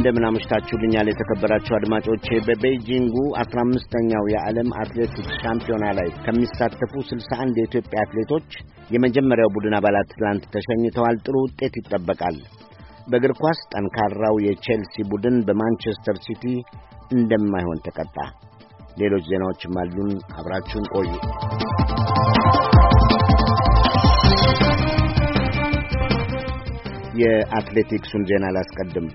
እንደምን አመሽታችሁልኛል የተከበራችሁ አድማጮቼ። በቤይጂንጉ 15 አምስተኛው የዓለም አትሌቲክስ ሻምፒዮና ላይ ከሚሳተፉ አንድ የኢትዮጵያ አትሌቶች የመጀመሪያው ቡድን አባላት ትላንት ተሸኝተዋል። ጥሩ ውጤት ይጠበቃል። በእግር ኳስ ጠንካራው የቼልሲ ቡድን በማንቸስተር ሲቲ እንደማይሆን ተቀጣ። ሌሎች ዜናዎችም አሉን። አብራችሁን ቆዩ። የአትሌቲክሱን ዜና ላስቀድም።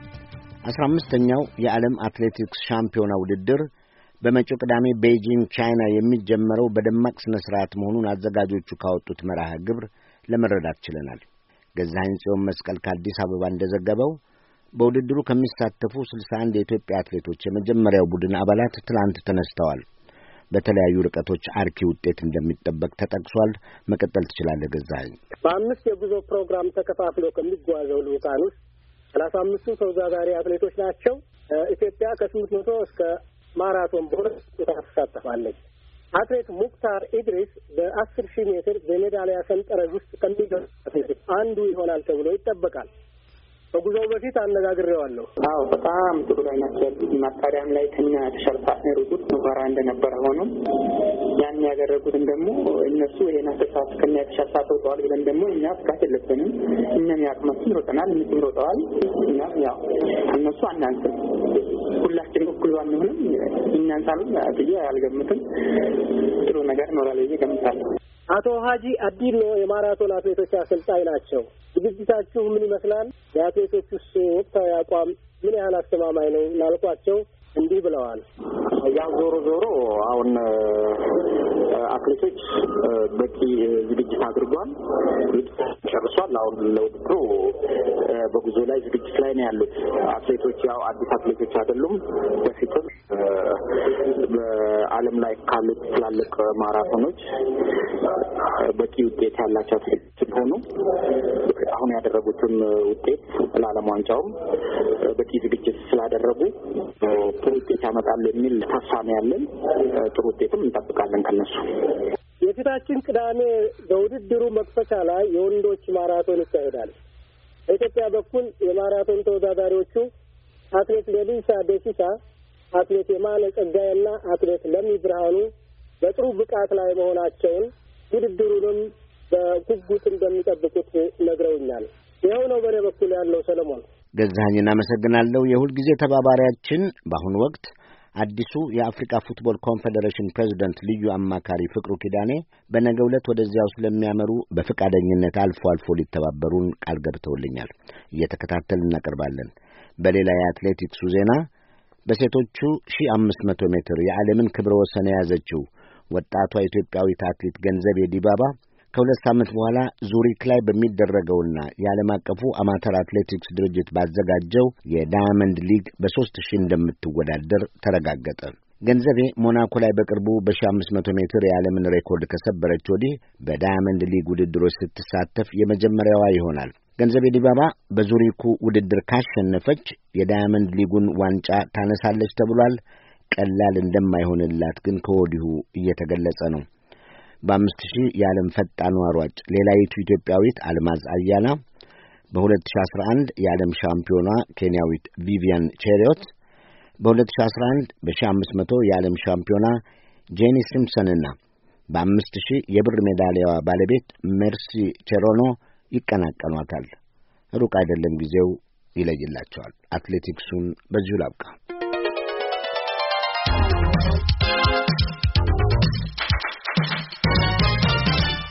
አስራ አምስተኛው የዓለም አትሌቲክስ ሻምፒዮና ውድድር በመጪው ቅዳሜ ቤይጂንግ ቻይና የሚጀመረው በደማቅ ስነ-ስርዓት መሆኑን አዘጋጆቹ ካወጡት መርሃ ግብር ለመረዳት ችለናል። ገዛኸኝ ጽዮን መስቀል ከአዲስ አበባ እንደዘገበው በውድድሩ ከሚሳተፉ ስልሳ አንድ የኢትዮጵያ አትሌቶች የመጀመሪያው ቡድን አባላት ትላንት ተነስተዋል። በተለያዩ ርቀቶች አርኪ ውጤት እንደሚጠበቅ ተጠቅሷል። መቀጠል ትችላለህ ገዛኸኝ። በአምስት የጉዞ ፕሮግራም ተከፋፍሎ ከሚጓዘው ልዑካን ውስጥ ሰላሳ አምስቱ ተወዛዛሪ አትሌቶች ናቸው። ኢትዮጵያ ከስምንት መቶ እስከ ማራቶን በሁለት ቦታ ትሳተፋለች። አትሌት ሙክታር ኢድሪስ በአስር ሺህ ሜትር በሜዳሊያ ሰንጠረዥ ውስጥ ከሚገ አትሌቶች አንዱ ይሆናል ተብሎ ይጠበቃል። በጉዞው በፊት አነጋግሬዋለሁ። አዎ በጣም ጥሩ ላይ ናቸው። ማጣሪያም ላይ ከኛ የተሻለ ፓርትነር ሩቁት ምኮራ እንደነበረ ሆኖም ያን ያደረጉትን ደግሞ እነሱ ይሄን አስተሳሰብ ከኛ የተሻለ አውጠዋል ብለን ደግሞ እኛ ስጋት የለብንም። እኛም ያቅማችን ሮጠናል፣ እነሱም ሮጠዋል። እኛም ያው እነሱ አናንስም፣ ሁላችንም እኩል ባንሆንም እናንሳሉም ብዬ አልገምትም። ጥሩ ነገር ኖራል ብዬ ገምታለሁ። አቶ ሀጂ አዲሎ የማራቶን አትሌቶች አሰልጣኝ ናቸው። ዝግጅታችሁ ምን ይመስላል? የአትሌቶቹስ ወቅታዊ አቋም ምን ያህል አስተማማኝ ነው ላልኳቸው እንዲህ ብለዋል። ያው ዞሮ ዞሮ አሁን አትሌቶች በቂ ዝግጅት አድርጓል፣ ዝግጅት ጨርሷል። አሁን ለውድድሩ በጉዞ ላይ ዝግጅት ላይ ነው ያሉት አትሌቶች። ያው አዲስ አትሌቶች አይደሉም። በፊትም በዓለም ላይ ካሉት ትላልቅ ማራቶኖች በቂ ውጤት ያላቸው አትሌቶች ሆኑ አሁን ያደረጉትም ውጤት ለዓለም ዋንጫውም በቂ ዝግጅት ስላደረጉ ጥሩ ውጤት ያመጣሉ የሚል ተስፋ ነው ያለን። ጥሩ ውጤትም እንጠብቃለን ከነሱ። የፊታችን ቅዳሜ በውድድሩ መክፈቻ ላይ የወንዶች ማራቶን ይካሄዳል። በኢትዮጵያ በኩል የማራቶን ተወዳዳሪዎቹ አትሌት ሌሊሳ ደሲሳ፣ አትሌት የማነ ጸጋዬና አትሌት ለሚ ብርሃኑ በጥሩ ብቃት ላይ መሆናቸውን ውድድሩንም በጉጉት እንደሚጠብቁት ነግረውኛል። ይኸው ነው በእኔ በኩል ያለው። ሰለሞን ገዛኸኝ እናመሰግናለሁ። የሁልጊዜ ተባባሪያችን በአሁኑ ወቅት አዲሱ የአፍሪካ ፉትቦል ኮንፌዴሬሽን ፕሬዚደንት ልዩ አማካሪ ፍቅሩ ኪዳኔ በነገ ዕለት ወደዚያው ስለሚያመሩ በፈቃደኝነት አልፎ አልፎ ሊተባበሩን ቃል ገብተውልኛል። እየተከታተል እናቀርባለን። በሌላ የአትሌቲክሱ ዜና በሴቶቹ ሺህ አምስት መቶ ሜትር የዓለምን ክብረ ወሰን የያዘችው ወጣቷ ኢትዮጵያዊት አትሌት ገንዘቤ ዲባባ ከሁለት ሳምንት በኋላ ዙሪክ ላይ በሚደረገውና የዓለም አቀፉ አማተር አትሌቲክስ ድርጅት ባዘጋጀው የዳያመንድ ሊግ በሦስት ሺህ እንደምትወዳደር ተረጋገጠ። ገንዘቤ ሞናኮ ላይ በቅርቡ በ አምስት መቶ ሜትር የዓለምን ሬኮርድ ከሰበረች ወዲህ በዳያመንድ ሊግ ውድድሮች ስትሳተፍ የመጀመሪያዋ ይሆናል። ገንዘቤ ዲባባ በዙሪኩ ውድድር ካሸነፈች የዳያመንድ ሊጉን ዋንጫ ታነሳለች ተብሏል። ቀላል እንደማይሆንላት ግን ከወዲሁ እየተገለጸ ነው። በአምስት ሺህ የዓለም ፈጣኗ ሯጭ ሌላዪቱ ኢትዮጵያዊት አልማዝ አያና፣ በ2011 የዓለም ሻምፒዮኗ ኬንያዊት ቪቪያን ቼሪዮት፣ በ2011 በ1500 የዓለም ሻምፒዮና ጄኒ ሲምፕሰንና በአምስት ሺህ የብር ሜዳሊያዋ ባለቤት ሜርሲ ቼሮኖ ይቀናቀኗታል። ሩቅ አይደለም፣ ጊዜው ይለይላቸዋል። አትሌቲክሱን በዚሁ ላብቃ።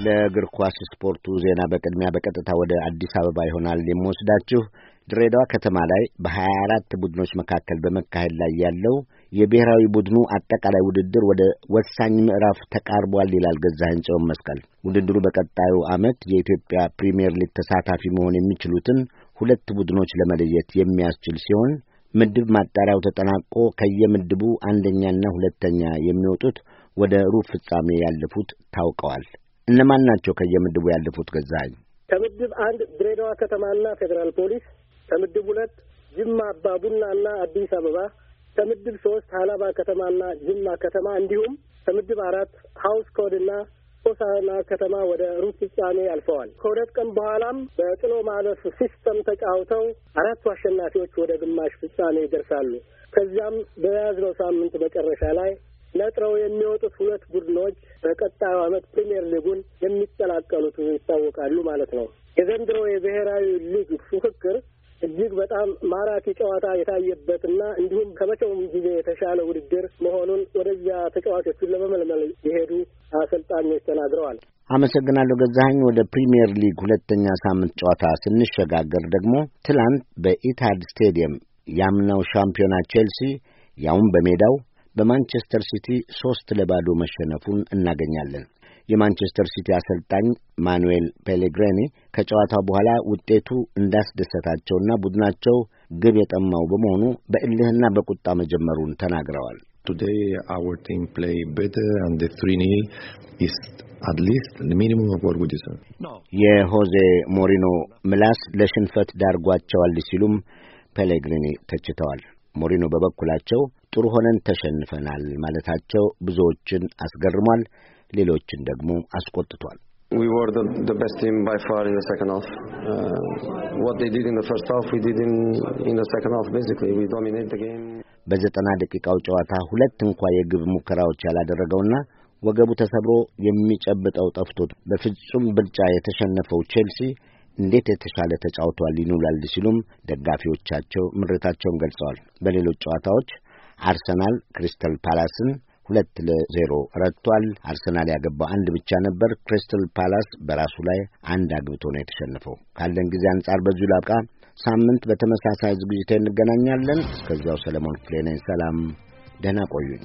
ለእግር ኳስ ስፖርቱ ዜና በቅድሚያ በቀጥታ ወደ አዲስ አበባ ይሆናል የምወስዳችሁ። ድሬዳዋ ከተማ ላይ በሀያ አራት ቡድኖች መካከል በመካሄድ ላይ ያለው የብሔራዊ ቡድኑ አጠቃላይ ውድድር ወደ ወሳኝ ምዕራፍ ተቃርቧል ይላል ገዛኸኝ ጽዮን መስቀል። ውድድሩ በቀጣዩ ዓመት የኢትዮጵያ ፕሪምየር ሊግ ተሳታፊ መሆን የሚችሉትን ሁለት ቡድኖች ለመለየት የሚያስችል ሲሆን ምድብ ማጣሪያው ተጠናቆ ከየምድቡ አንደኛና ሁለተኛ የሚወጡት ወደ ሩብ ፍጻሜ ያለፉት ታውቀዋል። እነማን ናቸው ከየምድቡ ያለፉት? ገዛኝ? ከምድብ አንድ ድሬዳዋ ከተማና ፌዴራል ፖሊስ፣ ከምድብ ሁለት ጅማ አባ ቡናና አዲስ አበባ፣ ከምድብ ሶስት ሀላባ ከተማና ጅማ ከተማ እንዲሁም ከምድብ አራት ሀውስ ኮድና ሆሳና ከተማ ወደ ሩብ ፍጻሜ አልፈዋል። ከሁለት ቀን በኋላም በጥሎ ማለፍ ሲስተም ተጫውተው አራቱ አሸናፊዎች ወደ ግማሽ ፍጻሜ ይደርሳሉ። ከዚያም በያዝነው ሳምንት መጨረሻ ላይ ነጥረው የሚወጡት ሁለት ቡድኖች በቀጣዩ ዓመት ፕሪምየር ሊጉን የሚቀላቀሉት ይታወቃሉ ማለት ነው። የዘንድሮ የብሔራዊ ሊግ ፉክክር እጅግ በጣም ማራኪ ጨዋታ የታየበትና እንዲሁም ከመቼውም ጊዜ የተሻለ ውድድር መሆኑን ወደዚያ ተጫዋቾቹን ለመመልመል የሄዱ አሰልጣኞች ተናግረዋል። አመሰግናለሁ ገዛኸኝ። ወደ ፕሪምየር ሊግ ሁለተኛ ሳምንት ጨዋታ ስንሸጋገር ደግሞ ትላንት በኢታድ ስቴዲየም ያምናው ሻምፒዮና ቼልሲ ያውም በሜዳው በማንቸስተር ሲቲ ሦስት ለባዶ መሸነፉን እናገኛለን። የማንቸስተር ሲቲ አሰልጣኝ ማኑኤል ፔሌግሪኒ ከጨዋታው በኋላ ውጤቱ እንዳስደሰታቸውና ቡድናቸው ግብ የጠማው በመሆኑ በእልህና በቁጣ መጀመሩን ተናግረዋል። የሆዜ ሞሪኖ ምላስ ለሽንፈት ዳርጓቸዋል ሲሉም ፔሌግሪኒ ተችተዋል። ሞሪኖ በበኩላቸው ጥሩ ሆነን ተሸንፈናል ማለታቸው ብዙዎችን አስገርሟል፣ ሌሎችን ደግሞ አስቆጥቷል። We were the, the best team by far in the second half. Uh, what they did in the first half, we did in, in the second half basically. We dominated the game. በዘጠና ደቂቃው ጨዋታ ሁለት እንኳ የግብ ሙከራዎች ያላደረገውና ወገቡ ተሰብሮ የሚጨብጠው ጠፍቶት በፍጹም ብልጫ የተሸነፈው ቼልሲ እንዴት የተሻለ ተጫውቷል ይኑላል ሲሉም ደጋፊዎቻቸው ምሬታቸውን ገልጸዋል። በሌሎች ጨዋታዎች አርሰናል ክሪስታል ፓላስን ሁለት ለዜሮ ረድቷል። አርሰናል ያገባው አንድ ብቻ ነበር። ክሪስታል ፓላስ በራሱ ላይ አንድ አግብቶ ነው የተሸነፈው። ካለን ጊዜ አንጻር በዚሁ ላብቃ። ሳምንት በተመሳሳይ ዝግጅት እንገናኛለን። እስከዚያው ሰለሞን ክፍሌ ነኝ። ሰላም፣ ደህና ቆዩኝ።